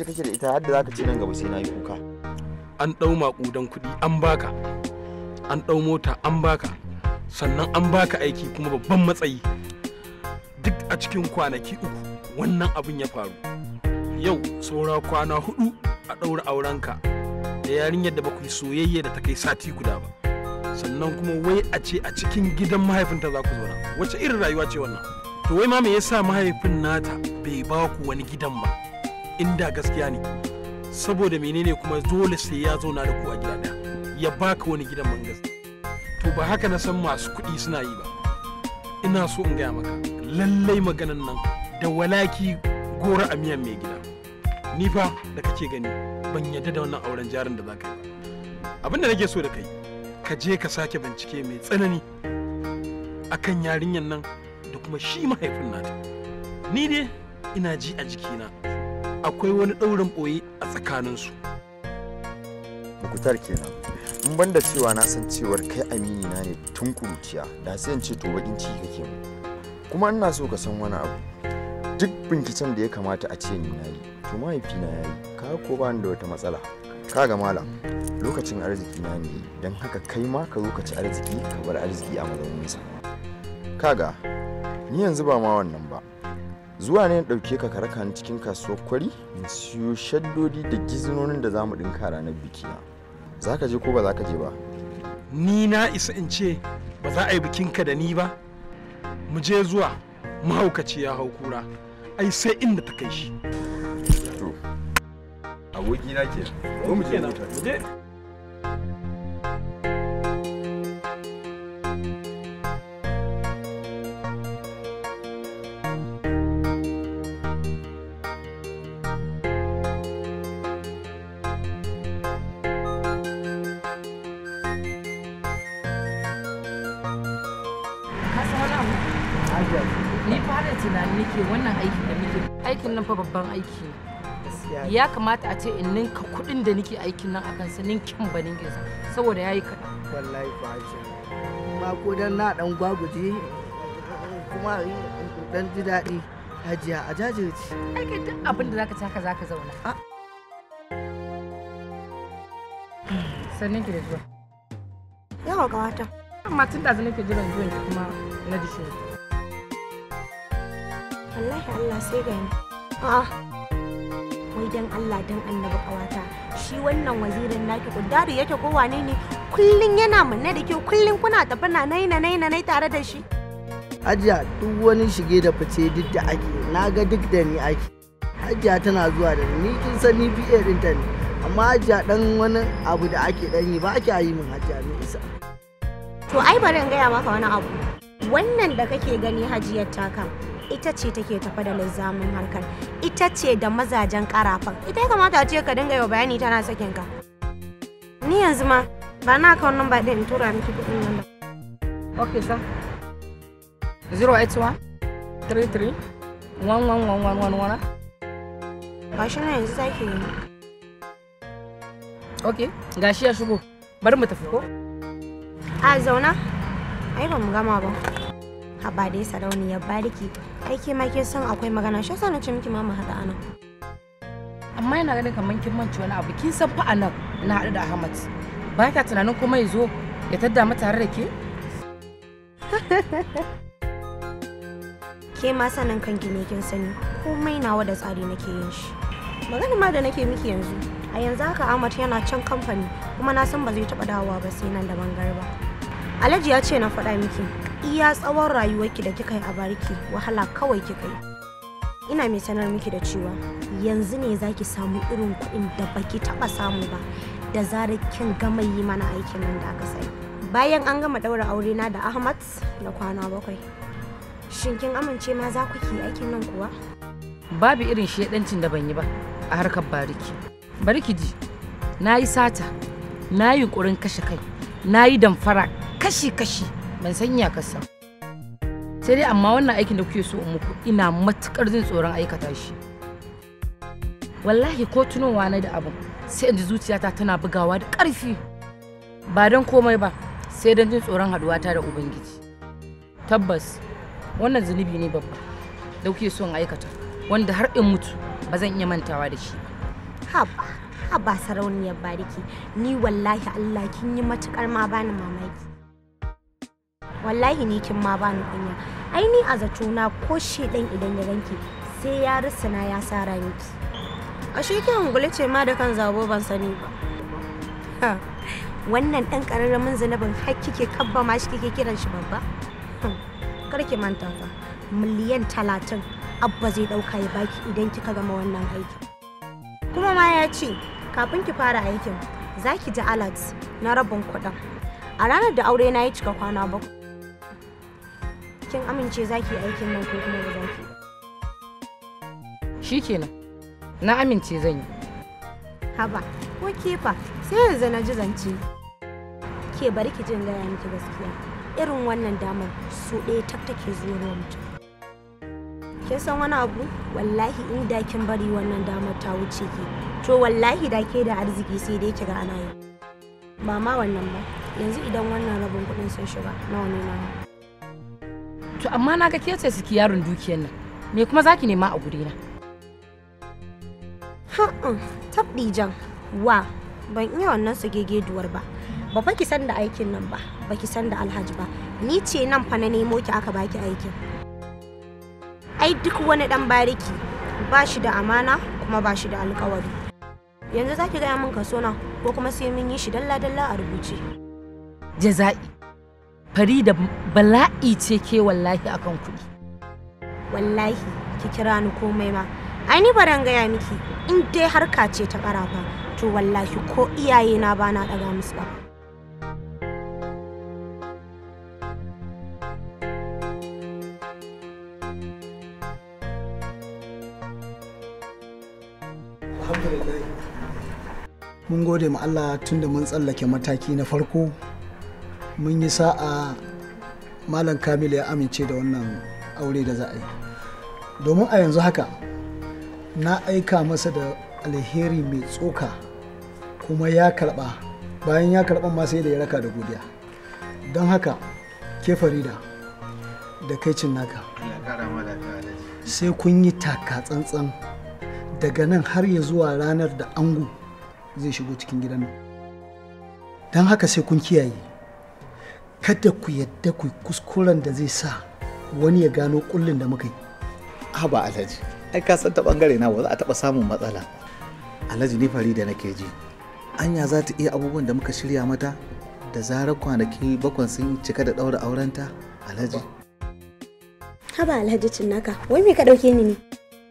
ce kake da ita har da zaka ci nan gaba sai na yi kuka an ɗau makudan kuɗi an baka an ɗau mota an baka sannan an baka aiki kuma babban matsayi duk a cikin kwanaki uku wannan abin ya faru yau saura kwana hudu a ɗaura aurenka da yarinyar da baku soyayya da ta kai sati guda ba sannan kuma wai a ce a cikin gidan mahaifinta za ku zauna wace irin rayuwa ce wannan to wai ma me yasa mahaifin nata bai ba ku wani gidan ba inda gaskiya ne saboda menene kuma dole sai ya zauna da ku a gida daya ya baka wani gidan mangas to ba haka na san masu kuɗi suna yi ba ina so in gaya maka lallai maganan nan da walaki gora a miyan mai gida ni fa da kake gani ban yadda da wannan auren jarin da zaka yi abinda nake so da kai ka je ka sake bincike mai tsanani akan yarinyan nan da kuma shi mahaifin nata ni dai ina ji a jikina akwai wani ɗaurin ɓoye a tsakaninsu mukutar kenan in banda cewa na san cewar kai amini na ne tun kuruciya da sai in ce to bakin ciki kake mu kuma ina so ka san wani abu duk binkicen da ya kamata a ce ni na yi to mahaifina ya yi ka ko ba da wata matsala ka ga malam lokacin arziki na ne don haka kai ma ka zo ka ci arziki ka bar arziki a Ka kaga ni yanzu ba ma wannan ba zuwa ne ɗauke ka karaka ni cikin kasuwar kwari in siyo shaddodi da gizinonin da za mu ɗinka ranar biki na za ka je ko ba za ka je ba ni na isa in ce ba za a yi bikin ka da ni ba mu je zuwa mahaukaci ya hau kura ai sai inda ta kai shi abokina ke mu je fa babban aiki ne ya kamata a ce in ninka kudin da nake aikin nan akan sa ninkin ba ninkinsa saboda yayi kaɗan wallahi ba ce ma ko dan na dan gwaguje kuma dan ji daɗi hajiya a jajirci ai kai duk abin da zaka taka zaka zauna sannan ki da zuwa yawa ga wata amma tun da zanen ke jiran zuwan kuma na ji Allah Allah sai ga ni wai dan Allah dan annabi kawata shi wannan wazirin naki kuddari yake ko wane ne kullun yana manne da ke kullun kuna tafi na nai na nai na nai tare da shi Hajiya duk wani shige da fice duk da ake na ga duk da ni ake Hajiya tana zuwa da ni kin san ni fi irin ta ne amma Hajiya dan wani abu da ake dan yi ba ake yi min Hajiya ne isa to ai bari in gaya maka wani abu wannan da kake gani Hajiyar kan ita ce take ta da lizamin harkar ita ce da mazajen karafan ita ya kamata a ce ka dinga yau bayani tana sakin ka ni yanzu ma ba na akawun namba ɗin in tura miki kuɗin nan ba ok sa 081 33 1111 ba shi na yanzu sake yi ok gashi ya shigo bari mu tafi ko a zauna ai ba mu gama ba haba dai sarauniyar bariki ai ke ma ke san akwai magana shi yasa na ce miki ma mu haɗa anan amma yana ganin kamar kin manci wani abu kin san fa anan na haɗu da Ahmad ba ka tunanin kuma ya zo ya tadda mu tare da ke ke ma sanin ki ne kin sani komai nawa da tsari nake yin shi magana ma da nake miki yanzu a yanzu haka Ahmad yana can kamfani kuma na san ba zai taɓa dawowa ba sai nan da bangar ba Alhaji ya ce na faɗa miki iya tsawon rayuwarki da kika yi a bariki wahala kawai kika yi ina mai sanar miki da cewa yanzu ne zaki samu irin kuɗin da baki taɓa samu ba da zarar kin gama yi mana aikin nan da aka sai bayan an gama ɗaura aure na da ahmad na kwana bakwai shin kin amince ma za ku ki aikin nan kuwa babu irin shedancin da ban yi ba a harkar bariki bariki ji na yi sata na yi ƙurin kashe kai na yi damfara kashi-kashi ban san ya kasa sai dai amma wannan aikin da kuke so in muku ina matukar jin tsoron aikata shi wallahi ko tunowa na da abin sai in ji zuciyata tana bugawa da ƙarfi ba don komai ba sai don jin tsoron haduwata da ubangiji tabbas wannan zunubi ne babba da kuke so in aikata wanda har in mutu ba zan iya mantawa da shi haba haba sarauniyar bariki ni wallahi allah kin yi matukar ma bani mamaki wallahi ni kin ma bani kunya ai ni a na ko dan idan ya ganki sai ya rusuna ya sara miki shi ki hungule ce ma da kan zabo ban sani ba wannan dan kararramin zanabin har kike kabba ma shi kike kiran shi babba hm, kar ki manta fa miliyan talatin abba zai dauka ya baki idan kika gama wannan aiki kuma ma ya ce kafin ki fara aikin za ki ji alert na rabin kuɗin a ranar da aure na ya cika kwana bakwai kin amince za ki aikin nan ko kuma ba za ki Shi kenan, na amince zan yi. Haba, ko kefa sai yanzu na ji zance. Ke bari ki jin gaya miki gaskiya. Irin wannan damar su ɗaya tak take zuwa mutum. Kin san wani abu? Wallahi in da kin bari wannan damar ta wuce ki. To wallahi da ke da arziki sai dai ga ana yi. Ba ma wannan ba. Yanzu idan wannan rabin kuɗin sun shiga nawa ne nawa. to amma na ga ke ce suke yaron dukiyar nan me kuma zaki nema a na? Ha Tabbi jan wa ban iya wannan su duwar ba ba fa ki san da aikin nan ba ba ki san da alhaji ba ni ce nan fa na nemo ki aka baki aikin ai duk wani dan bariki ba shi da amana kuma ba shi da alkawari yanzu za ki gaya min kaso na ko kuma sai mun yi shi dalla-dalla a rubuce jaza'i fari da bala'i ce ke wallahi a kan kuɗi wallahi ki kira ni komai ma ai ni baran gaya miki in dai harka ce ta ƙarafa to wallahi ko iyaye na ba na daga musu ba mun gode ma Allah tunda mun tsallake mataki na farko mun yi sa'a malam kamil ya amince da wannan aure da za a yi domin a yanzu haka na aika masa da alheri mai tsoka kuma ya karba bayan ya karba ma sai da ya raka da godiya don haka ke farida da kai naka sai kun yi taka tsantsan daga nan har ya zuwa ranar da ango zai shigo cikin gidan don haka sai kun kiyaye kada ku yadda ku kuskuren da zai sa wani ya gano kullun da muka yi haba alhaji ai ka san ta bangare na ba za a taba samun matsala alhaji ni fari da nake ji anya za ta iya abubuwan da muka shirya mata da zarar kwanaki bakwan sun cika da daura aurenta alhaji haba alhaji cinnaka wai me ka dauke ni ne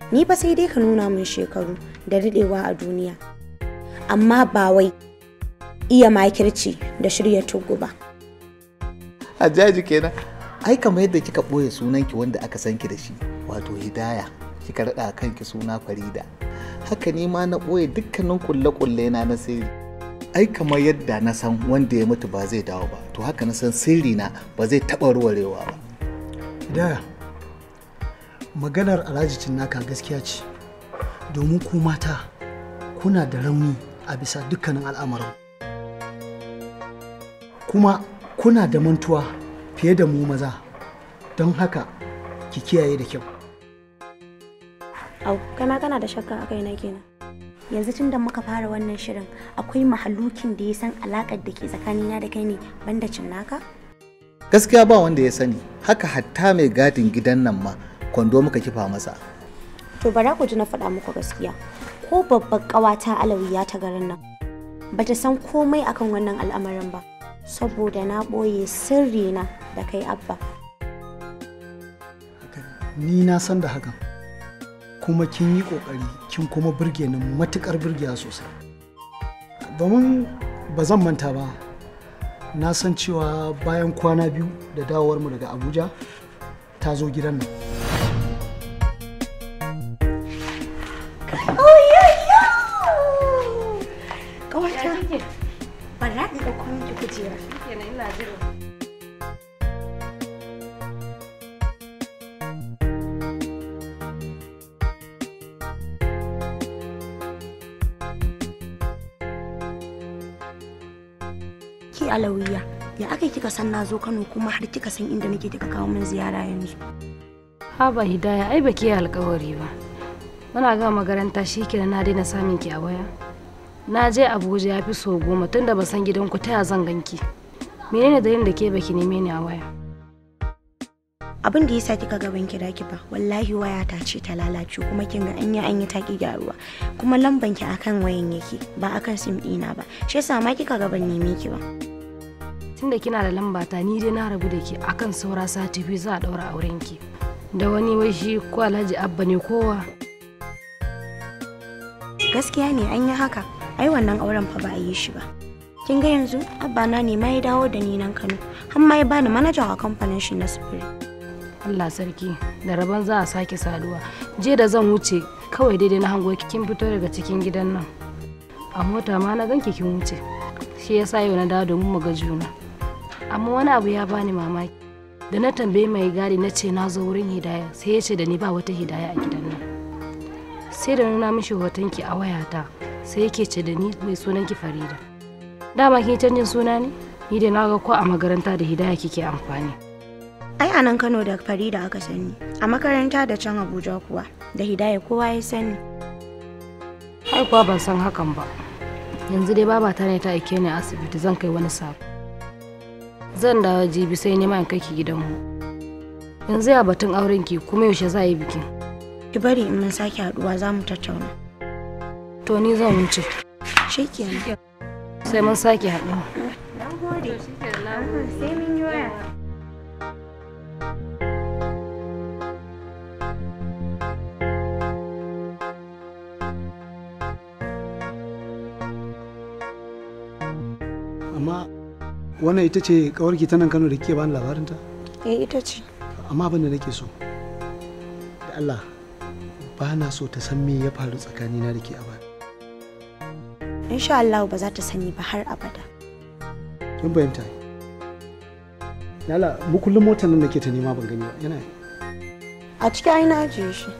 ni fa sai dai ka nuna min shekaru da riɗewa a duniya amma ba wai iya makirci da shirya tugu ba hajjaji kenan ai kamar yadda kika ɓoye sunanki wanda aka san ki da shi wato hidaya kika raɗa kanki suna farida haka ni ma na ɓoye dukkanin kulle-kulle na na sirri ai kamar yadda na san wanda ya mutu ba zai dawo ba to haka na san sirri na ba zai taɓa ruwarewa ba hidaya maganar alhaji naka gaskiya ce domin ku mata kuna da rauni a bisa dukkanin al'amarin kuma kuna da mantuwa fiye da mu maza don haka ki kiyaye da kyau au kana kana da shakka a kaina kenan yanzu tun da muka fara wannan shirin akwai mahalukin da ya san alakar da ke tsakanina da kai ne banda cin naka gaskiya ba wanda ya sani haka hatta mai gadin gidan nan ma kwando muka kifa masa to bara ku ji na faɗa muku gaskiya ko babbar ƙawata alawiya ta garin nan bata san komai akan wannan al'amarin ba saboda na ɓoye na da kai abba ni na san da hakan kuma kin yi ƙoƙari kin kuma burge ni matukar birgiya sosai domin ba zan manta ba na san cewa bayan kwana biyu da dawowarmu daga abuja ta zo gidan nan san na zo Kano kuma har kika san inda nake kika kawo min ziyara yanzu. Haba Hidaya ai baki alkawari ba. Muna ga makaranta shikenan na daina samun ki a waya. Na je Abuja ya fi so goma tunda ba san gidanku ta ya zan ganki. Menene dalilin da ke baki neme ni a waya? Abin da yasa kika gaban kira ki ba wallahi waya ta ce ta lalace kuma kin ga anya anya ta ki gyaruwa kuma lamban ki akan wayan yake ba akan sim ɗina ba shi yasa ma kika gaban neme ki ba. tunda kina da lamba ta ni dai na rabu da ke akan saura sati biyu za a daura auren ki da wani wai shi ko alhaji abba ne kowa gaskiya ne an yi haka ai wannan auren fa ba a yi shi ba kin ga yanzu abba na ne ma ya dawo da ni nan Kano har ma ya bani manajan a kamfanin shi na sufuri Allah sarki da rabon za a sake saduwa je da zan wuce kawai daidai na hango kin fito daga cikin gidan nan a mota ma na ganki kin wuce shi yasa yau na dawo domin mu ga juna amma wani abu ya bani mamaki da na tambaye mai gari na ce na zo wurin hidaya sai ya ce da ni ba wata hidaya a gidan nan sai da nuna mishi hotonki a wayata sai yake ce da ni mai sunanki farida dama kin canjin suna ne ni da na ga ko a makaranta da hidaya kike amfani ai anan kano da farida aka sani a makaranta da can abuja kuwa da hidaya kowa ya sani ai kuwa ban san hakan ba yanzu dai babata ne ta aike ni asibiti zan kai wani sako zan dawo jibi sai nema in kai ki gidanmu yanzu ya batun auren ki kuma yaushe za yi bikin ki bari in mun sake haduwa za mu tattauna to ni zan wuce shikenan sai mun sake haduwa dan gode sai mun yi waya wannan ita ce kawarki ta nan Kano da ke bani labarinta? Eh ita ce. Amma abin da nake so. Da Allah ba na so ta san me ya faru tsakanina da ke a bani. Insha Allah ba za ta sani ba har abada. Kin bayanta. Yala mu kullum motar nan nake ta nema ban gani ba yana. A ciki aina aje shi.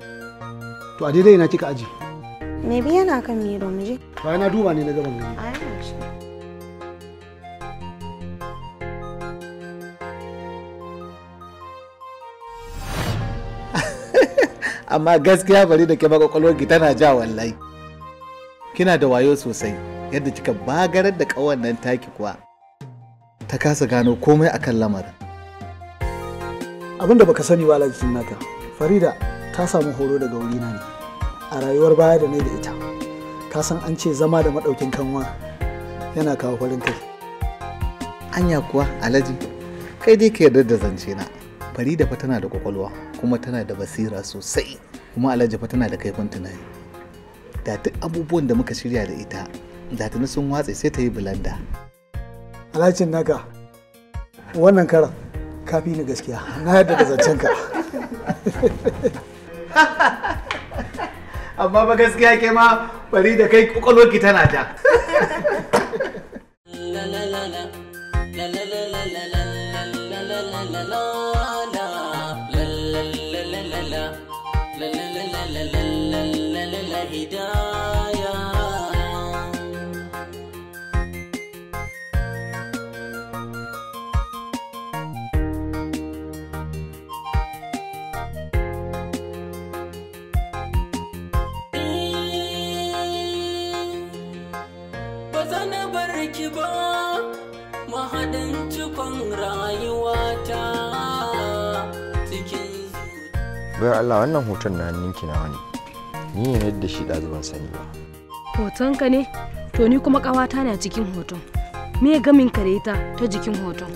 To a daidai na kika aji. Me bi yana kan don mu je. Ba na duba ne na gaban gani. Ai amma gaskiya bari da ke ki tana ja wallahi kina da wayo sosai yadda kika bagarar da kawan nan taki kuwa ta kasa gano komai akan lamarin abinda baka sani ba jikin naka farida ta samu horo daga wurina ne a rayuwar baya da ne da ita ka san an ce zama da maɗaukin kanwa yana kawo farin kai anya kuwa alhaji kai dai ka yarda da zance na farida fa tana da kwakwalwa kuma tana da basira sosai kuma alhaji fa tana da kaifin tunani da duk abubuwan da muka shirya da ita da tuni sun watse sai ta yi bulanda alhajin naka wannan karan fi ni gaskiya na yadda da zancen ka amma ba gaskiya ke ma bari da kai kwakwalwarki tana ta la la la la la la la la la la la la mana hidaya eh, Ba zana barki ba mahaɗin cikon rayuwata cikin zuwa. Allah wannan hoton na ninki na wani. ni ne yadda shi ɗazu sani ba ka ne to ni kuma ƙawata ne a cikin hoton me gamin ka da ita ta jikin hoton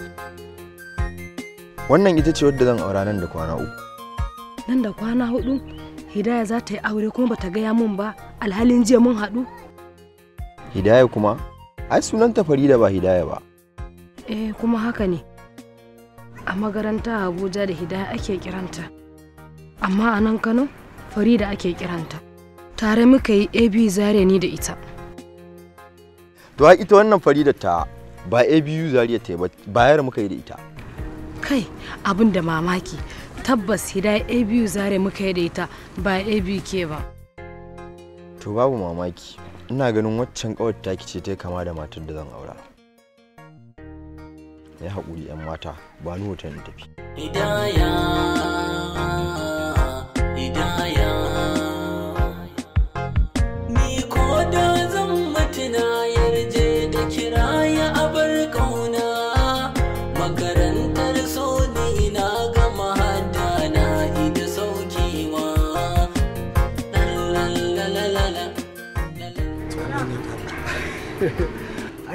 wannan ita ce wadda zan aura nan da kwana uku nan da kwana hudu hidaya za ta yi aure kuma bata gaya mun ba alhalin jiya mun haɗu hidaya kuma ai sunanta farida ba hidaya ba eh kuma haka ne a magaranta abuja da hidaya ake kiranta amma a nan kano farida ake kiranta tare muka yi abu zare ni da ita to ta wannan farida ta ba abu zariya ta ba bayar muka yi da ita kai abin da mamaki tabbas hidaya abu zare muka yi da ita ba abu ke ba to babu mamaki ina ganin waccan kawar taki ce ta kama da matar da zan aura ya haƙuri 'yan mata ba ni hoton tafi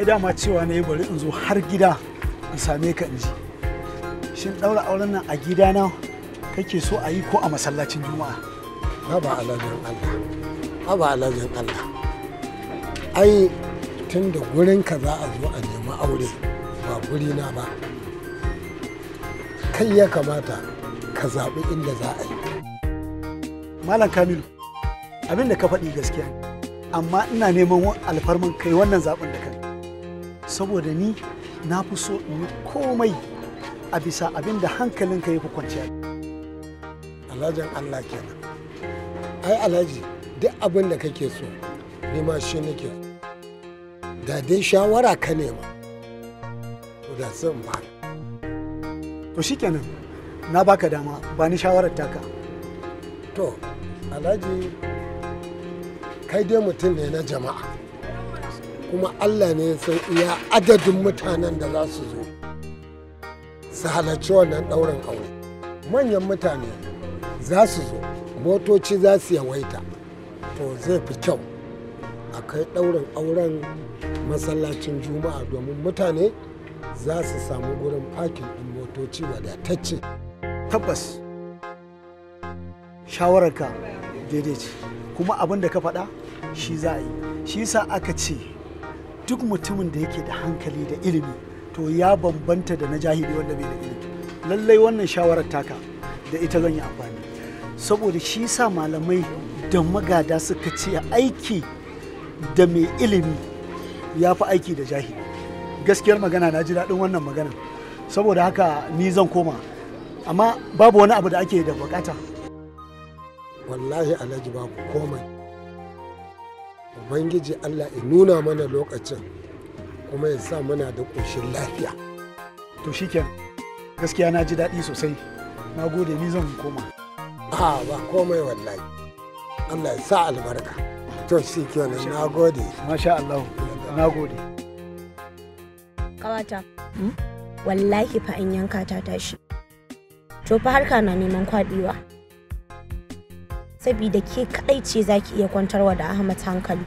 dama cewa na yi bari in zo har gida in same ka in ji shin ɗaura auren nan a gida na kake so a yi ko a masallacin juma'a haba alajin allah haba alajin allah ai tun da ka za a zo a nemi aure ba na ba kai ya kamata ka zaɓi inda za a yi malam kamilu abinda ka faɗi gaskiya amma ina neman alfarman kai wannan zaɓin da ka saboda ni na fi so in yi komai a bisa abin da hankalinka ya fi kwanciya alhajin allah kenan ai alhaji duk abin da kake so ni ma shi nake da dai shawara ka nema to da sun ba to kenan na baka dama ba ni shawarar taka to alhaji kai dai mutum ne na jama'a kuma allah ne san iya adadin mutanen da za su zo su halarci wannan ɗaurin aure manyan mutane za su zo motoci za su yawaita to zai fi kyau a kai ɗaurin auren masallacin juma'a domin mutane za su samu wurin fakin ɗin motoci wadatacce tabbas shawararka daidai ce kuma abin da ka faɗa shi za a yi shi sa aka ce duk mutumin da yake da hankali da ilimi to ya bambanta da na jahili wanda bai da ilimi lallai wannan shawarar taka da ita zan yi amfani saboda shi sa malamai da magada suka ce aiki da mai ilimi ya fi aiki da jahili gaskiyar magana na ji daɗin wannan magana saboda haka ni zan koma amma babu wani abu da ake da bukata wallahi alhaji babu komai ubangiji allah ya nuna mana lokacin kuma ya sa mana da ƙoshin lafiya to shiken gaskiya na ji daɗi sosai na gode ni zan koma a ba komai wallahi allah ya sa albarka to shi kenan na gode masha allah na gode kawata hmm? wallahi fa an yanka ta tashi to fa harka na neman kwaɗewa saboda ke kaɗai ce zaki ki iya kwantarwa da Ahmad hankali.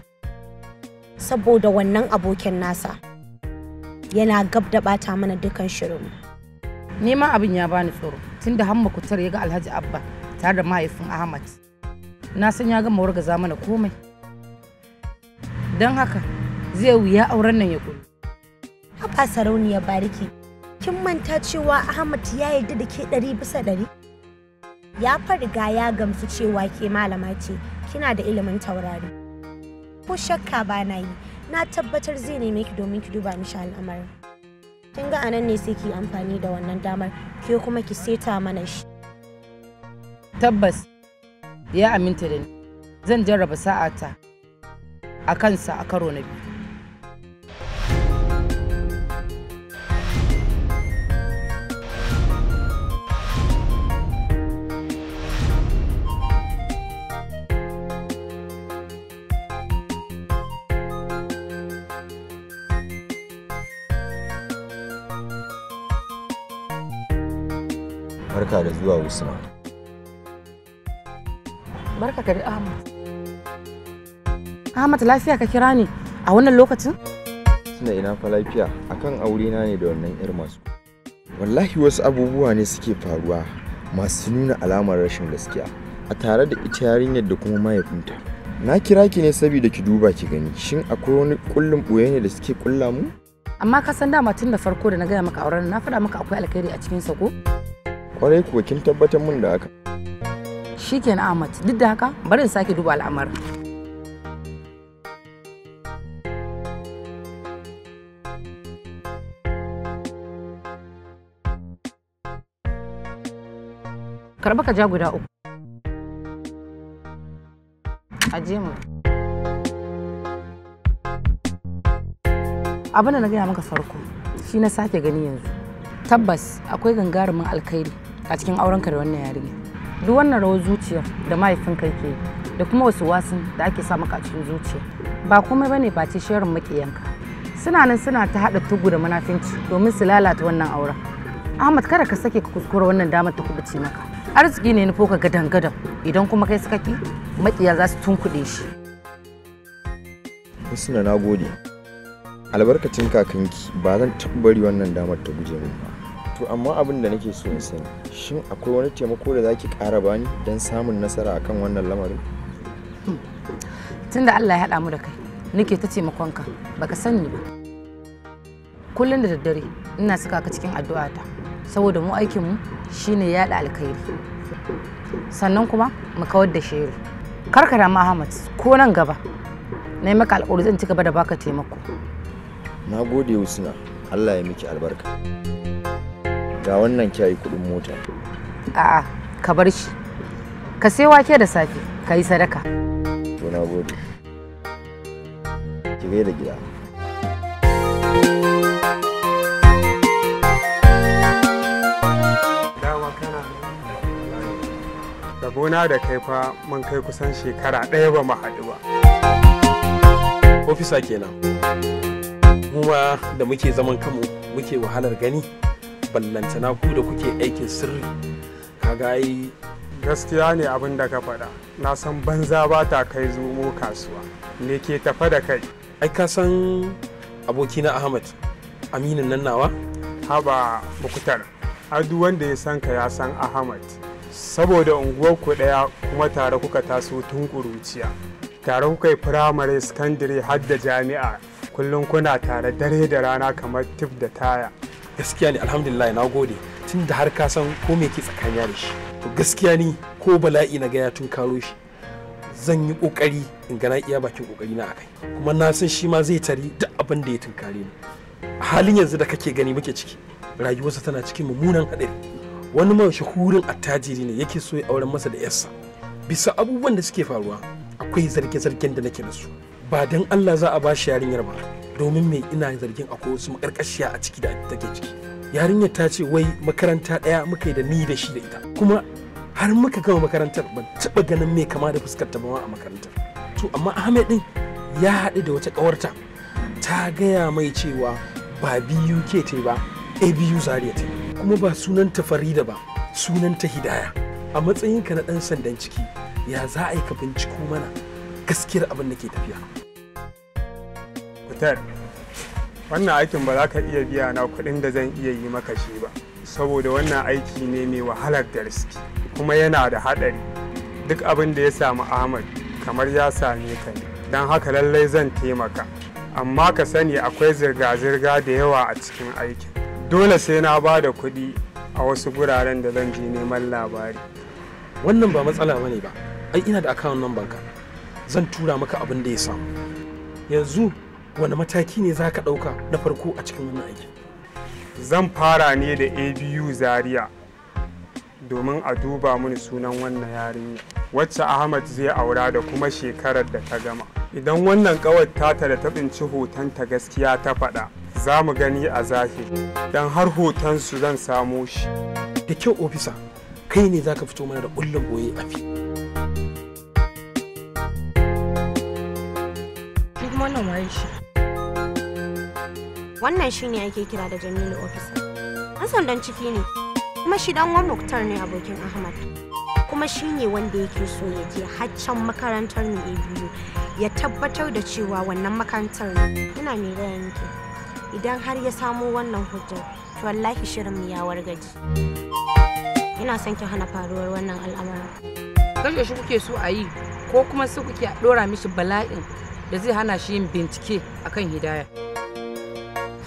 Saboda wannan abokin nasa yana gab da bata mana dukan shirin. Nema abin ya bani tsoro tunda hamma kutar ya ga Alhaji Abba tare da mahaifin Ahmad. Na san ya gama wargaza mana komai. Don haka zai wuya auren nan ya kudu. Haba sarauniya bariki, kin manta cewa Ahmad ya yarda da ke ɗari bisa ɗari? ya riga ya gamsu cewa ke malama ce kina da ilimin taurari ko shakka ba na yi na tabbatar zai neme ki domin ki duba mishi al'amarin kin ga anan ne sai ki amfani da wannan damar ke kuma ki seta mana shi tabbas ya aminta da ni zan jarraba sa'ata a kansa a karo na biyu barka da zuwa usman barka ka da ahmad ahmad lafiya ka kira ni a wannan lokacin tunda ina fa lafiya akan aure na ne da wannan yar masu wallahi wasu abubuwa ne suke faruwa masu nuna alamar rashin gaskiya a tare da ita yarinyar da kuma mahaifinta na kira ki ne saboda ki duba ki gani shin akwai wani kullum boye ne da suke kulla mu amma ka san dama tun da farko da na gaya maka auren na faɗa maka akwai alkhairi a cikin sa ko kwarai kuwa kin tabbatar mun da haka shikenan ahmad duk da haka barin sake duba al'amarin karba ka ja guda uku aje mu abin na gaya maka farko shi na sake gani yanzu tabbas akwai gangarumin alkhairi a cikin aurenka da wannan yarinya duk wannan rawar zuciyar da mahaifinka ke da kuma wasu wasan da ake sa maka a cikin zuciya ba komai bane ce shirin makiyanka suna nan suna ta haɗa tugu da munafinci domin su lalata wannan auren ahmad kada ka sake ka kuskura wannan damar ta kubuce maka arziki ne nufo ka gadan gadan idan kuma kai suka ki makiya za su tunkuɗe shi husna na gode albarkacin kakanki ba zan taɓa bari wannan damar ta guje min ba to amma abin da nake so in sani shin akwai wani taimako da za ki ƙara bani don samun nasara akan wannan lamarin tunda allah ya haɗa mu da kai nake ta taimakonka baka sani ba kullum da daddare ina saka ka cikin addu'ata saboda mu aikinmu shine yaɗa alkhairi sannan kuma mu kawar da shiri karkara ma ahmad ko nan gaba na yi maka alƙawari zan ci gaba da baka taimako na gode husna allah ya miki albarka ga wannan kyayi kuɗin mota a'a ka bar shi ka sai wake da safe ka yi sadaka to na gode ki da gida rabona da kai fa mun kai kusan shekara ɗaya ba mu haɗu ba. Ofisa kenan. Mu ma da muke zaman kanmu muke wahalar gani na ku da kuke aikin sirri kaga ai gaskiya ne abin da ka faɗa na san banza ba ta kai zomo kasuwa me ke tafa da kai ai ka san abokina ahmad aminin nan nawa haba bukutar adu wanda ya san ka ya san ahmad saboda unguwar ku ɗaya kuma tare kuka taso tun kuruciya tare kuka yi firamare sakandare har da jami'a kullum kuna tare dare da rana kamar tif da taya gaskiya ne alhamdulillah na gode tun da har ka san ko me ke tsakaniya da shi to gaskiya ne ko bala'i na gaya tun karo shi zan yi kokari in ga na iya bakin kokari na akai kuma na san shi ma zai tari duk abin da ya tunkare ni a halin yanzu da kake gani muke ciki rayuwarsa tana cikin mummunan hadari wani mai shahurin attajiri ne yake so ya auren masa da yarsa bisa abubuwan da suke faruwa akwai zarge-zargen da nake da su ba don allah za a ba shi yarinyar ba domin me ina zargin akwai wasu makarkashiya a ciki da take ciki yarinyar ta ce wai makaranta ɗaya muka yi da ni da shi da ita kuma har muka gama makarantar ban taba ganin mai kama da fuskar ta a makarantar to amma ahmed din ya haɗu da wata ƙawarta ta gaya mai cewa ba biyu ke ta ba a biyu zariya ta kuma ba sunan ta farida ba sunan ta hidaya a matsayinka na ɗan sandan ciki ya za a yi ka binciko mana gaskiyar abin da ke tafiya hotel wannan aikin ba za ka iya biya na kuɗin da zan iya yi maka shi ba saboda wannan aiki ne mai wahalar da riski kuma yana da haɗari duk abin da ya samu ahmad kamar ya same ka ne don haka lallai zan taimaka amma ka sani akwai zirga-zirga da yawa a cikin aikin dole sai na ba da kuɗi a wasu guraren da zan je neman labari wannan ba matsala bane ba ai ina da akawun nan banka zan tura maka abin da ya samu yanzu wani mataki ne za ka ɗauka na farko a cikin wannan aiki zan fara ne da abu zaria domin a duba mini sunan wannan yarinya wacce ahmad zai aura da kuma shekarar da ta gama idan wannan ƙawar tata da ta tsinci ta gaskiya ta faɗa za mu gani a zafi. don har hoton su zan samo shi da kyau ofisa kai ne za ka fito mana da ƙullin boye a fi kuma wannan waye shi wannan shine ake kira da jamilu officer an sandan ciki ne kuma shi dan wani muktar ne abokin ahmad kuma shi ne wanda yake so ya je haccan makarantar mu ya biyu ya tabbatar da cewa wannan makarantar ne yana mai raya miki idan har ya samo wannan hujjar to wallahi shirin mu ya wargaji ina son ki hana faruwar wannan al'amarin kashe shi kuke so a yi ko kuma su kuke dora mishi bala'in da zai hana shi yin bincike akan hidaya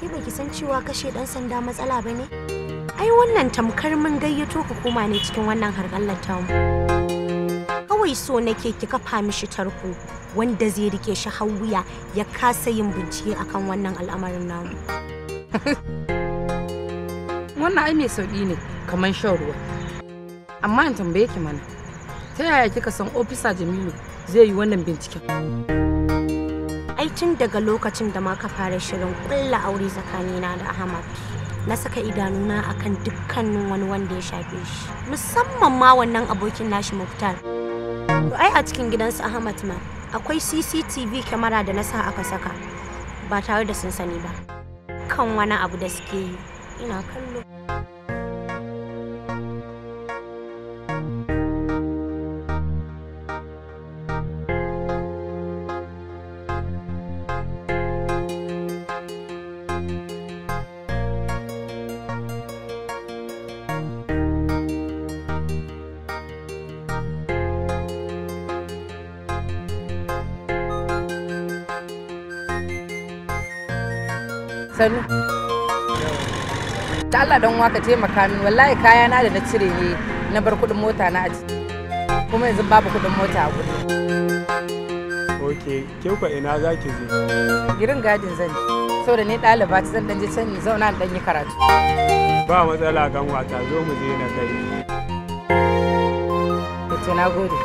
ke baki san cewa kashe ɗan sanda matsala ba ne ai wannan tamkar mun gayyato ku koma ne cikin wannan harkallar tamu kawai so nake ki kafa mishi tarko wanda zai rike shi wuya ya kasa yin bincike akan wannan al'amarin namu wannan ai mai sauƙi ne kamar shan ruwa amma in tambaye ki mana ta yaya kika san ofisa jamilu zai yi wannan binciken ai tun daga lokacin da maka ka fara shirin kulla aure tsakanina da ahmad na saka idanuna akan dukkanin wani wanda ya shafe shi musamman ma wannan abokin nashi muktar ai a cikin gidansu ahmad ma akwai cctv kyamara da na sa aka saka ba tare da sun sani ba kan wani abu da suke yi ina kallo Sanu. Da Allah don waka taimaka min wallahi kaya na da na cire ne na bar kudin mota na aji. Kuma yanzu babu kudin mota a gudu. Ok, ke ku ina za je? Girin gadin zan yi. saboda ni ɗaliba ta zan je can zauna da yi karatu. Ba matsala kan wata zo mu je na kai. To na gode.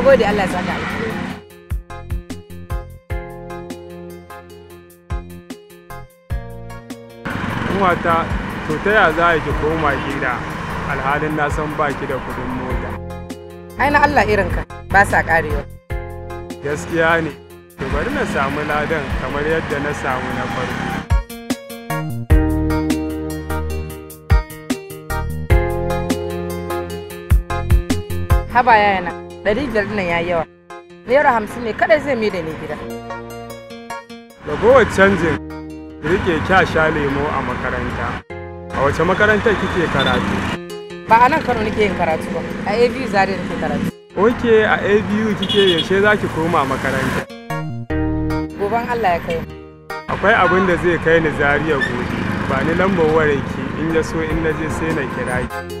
gode Allah ya saka Uwata, to ta ya za ki koma gida alhalin na san ba ki da kudin mota. Ai na Allah irinka ba sa karewa. Gaskiya ne, to bari na samu ladan kamar yadda na samu na farko. Haba yana. ɗari biyar nan ya yawa naira hamsin ne kada zai mai da ni gida ragowar canjin rike kya sha lemo a makaranta a wace makarantar kike karatu ba a nan kano nake yin karatu ba a abu zare nake karatu ok a abu kike yaushe za ki koma makaranta goban allah ya kai akwai abin da zai kai ni zariya gobe ba ni lambar warinki in ya so in na je sai na kira ki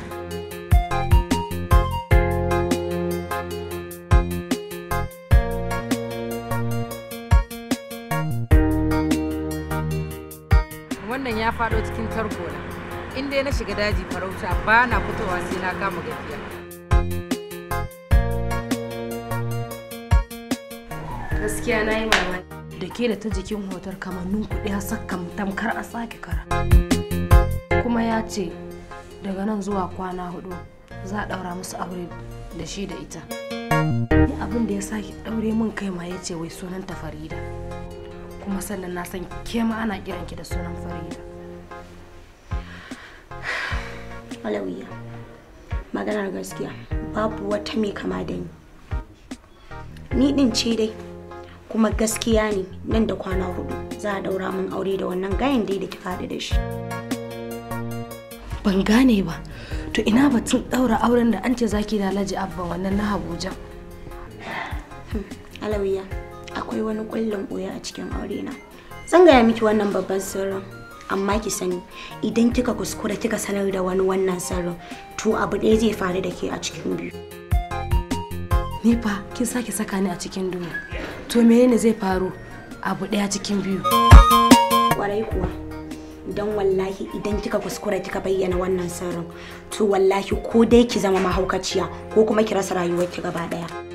wannan ya faɗo cikin tarko na in dai na shiga daji farauta ba na fitowa sai na kama gafiya gaskiya na yi mamaki da ke da ta jikin hotar kamannin kuɗi har sakkan tamkar a sake kara kuma ya ce daga nan zuwa kwana hudu za a ɗaura musu aure da shi da ita abin da ya sake ɗaure min kai ma ya ce wai sunanta farida kuma sannan na san ke ma ana kiran ki da sunan farida alawiya maganar gaskiya babu wata mai kama da ni ni din ce dai kuma gaskiya ne nan da kwana hudu za a daura min aure da wannan gayan dai da ki faɗi da shi ban gane ba to ina batun ɗaura auren da an ce zaki da alhaji abba wannan na abuja alawiya akwai wani kullum ɓoye a cikin aure na zan gaya miki wannan babban sirrin amma ki sani idan kika kuskura kika sanar da wani wannan sirrin to abu ɗaya zai faru da ke a cikin biyu ni fa kin sake saka ni a cikin duhu to menene zai faru abu ɗaya cikin biyu kwarai kuwa dan wallahi idan kika kuskura kika bayyana wannan sirrin to wallahi ko dai ki zama mahaukaciya ko kuma ki rasa rayuwarki gaba ɗaya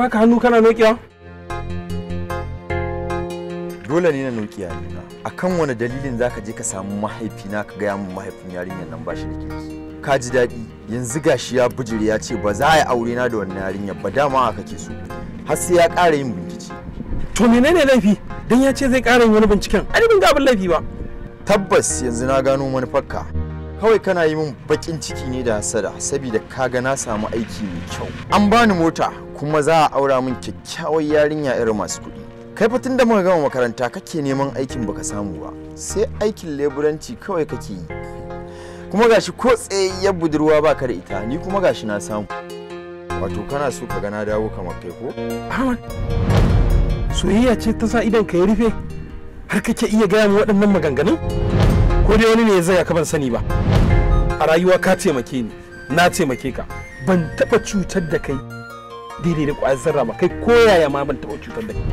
baka hannu kana nokiya dole ne na nokiya ne na akan wani dalilin zaka je ka samu mahaifina ka gaya min mahaifin yarinyar nan ba shi da kirki ka ji daɗi yanzu gashi ya bijiri ya ce ba za a yi aure na da wannan yarinyar ba dama haka kake so har sai ya ƙara yin bincike to menene laifi dan ya ce zai ƙara yin wani binciken ai bin ga abin laifi ba tabbas yanzu na gano manufarka kawai kana yi min bakin ciki ne da hasada saboda kaga na samu aiki mai kyau an bani mota kuma za a aura min kyakkyawar yarinya irin masu kuɗi kai fa tun da muka gama makaranta kake neman aikin baka samu ba sai aikin leburanci kawai kake yi kuma gashi ko tsayayyar budurwa baka da ita ni kuma gashi na samu wato kana so ka gana dawo kamar kai ko Ahmad soyayya ce ta sa idan ka ya rufe har kake iya gaya min waɗannan maganganun ko dai wani ne ya zaga ka ban sani ba a rayuwa ka taimake ni na taimake ka ban taba cutar da kai daidai da kwayar zarra ba kai ko yaya ma ban taba cutar da kai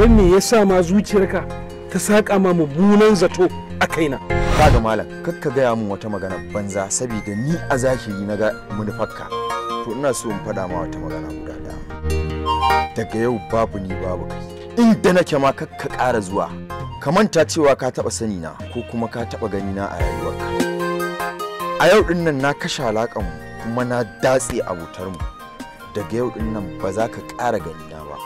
wanne ya sa ma zuciyarka ta saka ma mummunan zato a kaina kaga malam ka gaya min wata magana banza saboda ni a zahiri na ga munufakka to ina so in faɗa ma wata magana guda daya daga yau babu ni babu kai inda nake ma kakka kara zuwa ka manta cewa ka taɓa sani na ko kuma ka taɓa gani na a rayuwarka a yau din nan na kashe alakan mu kuma na datse abotar mu daga yau din nan ba za ka ƙara gani na ba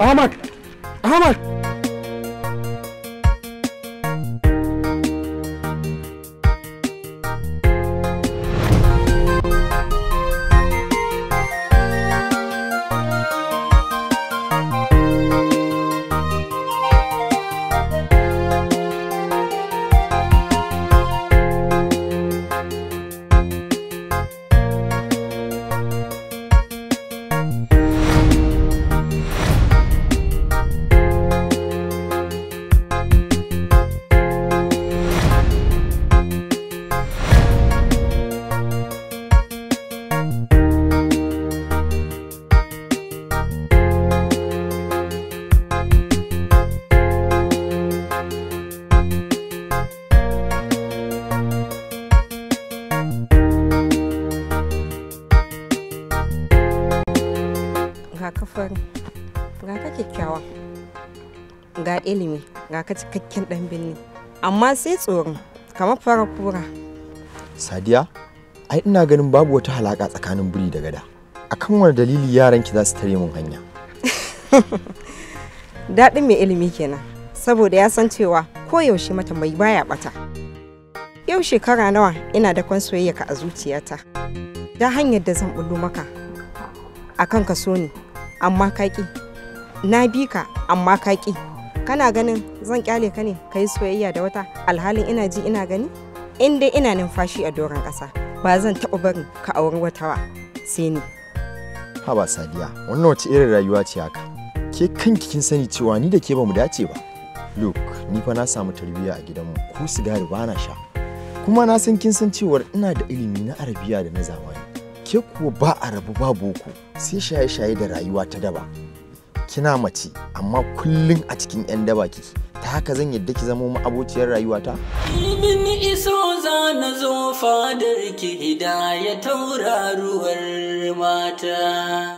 Ahmad! Ahmad! ilimi ga ka cikakken dan birni amma sai tsoron kamar fara kura sadiya ai ina ganin babu wata halaka tsakanin buri da gada akan wani dalili yaran ki za su tare mun hanya daɗin mai ilimi kenan saboda ya san cewa koyaushe mata mai baya bata yau shekara nawa ina da kwan soyayyaka a zuciyata da hanyar da zan bullo maka akan ka so ni amma kaki na bi ka amma kaki kana ganin zan kyale ka ne ka yi soyayya da wata alhalin ina ji ina gani in dai ina numfashi a doron ƙasa ba zan taɓa barin ka auri wata ba, sai ni haba sadiya wannan wace irin rayuwa ce haka ke kanki kin sani cewa ni da ke bamu dace ba Luke, ni fa na samu tarbiyya a gidanmu ko sigari ba na sha kuma na san kin san cewar ina da ilimi na arabiya da na zamani ke kuwa ba a rabu ba boko sai shaye-shaye da rayuwa ta daba kina mace amma kullum a cikin 'yan daba kike ta haka zan yadda ki zama abociyar rayuwata? Ibin iso za na zo fadar ki hidaya tauraruwar mata.